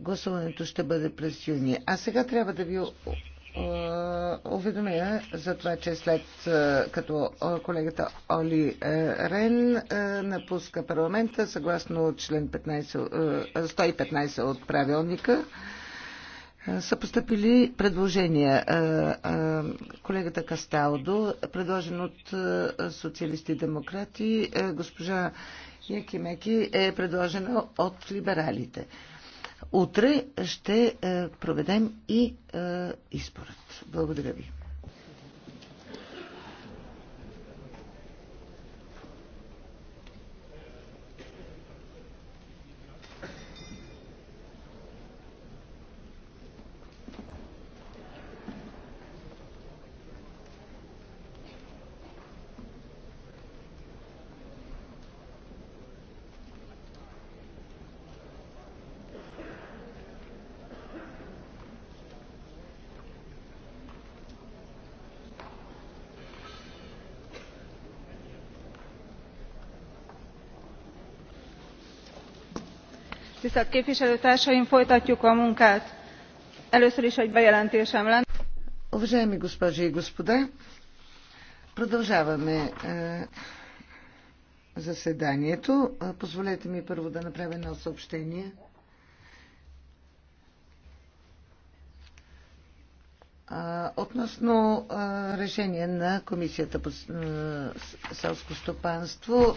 Гласуването ще бъде през юни. А сега трябва да ви уведомя за това, че след като колегата Оли Рен напуска парламента, съгласно член 15, 115 от правилника, са поступили предложения. Колегата Касталдо, предложен от социалисти и демократи, госпожа Якимеки е предложена от либералите. Утре ще е, проведем и е, изборът. Благодаря ви. tisztelt képviselőtársaim folytatjuk a munkát. először is egy bejelentésem lenne. Уважаеми госпожи и господа, продължаваме е, заседанието. Позволете ми първо да направя едно съобщение. Относно решение на Комисията по е, селско стопанство,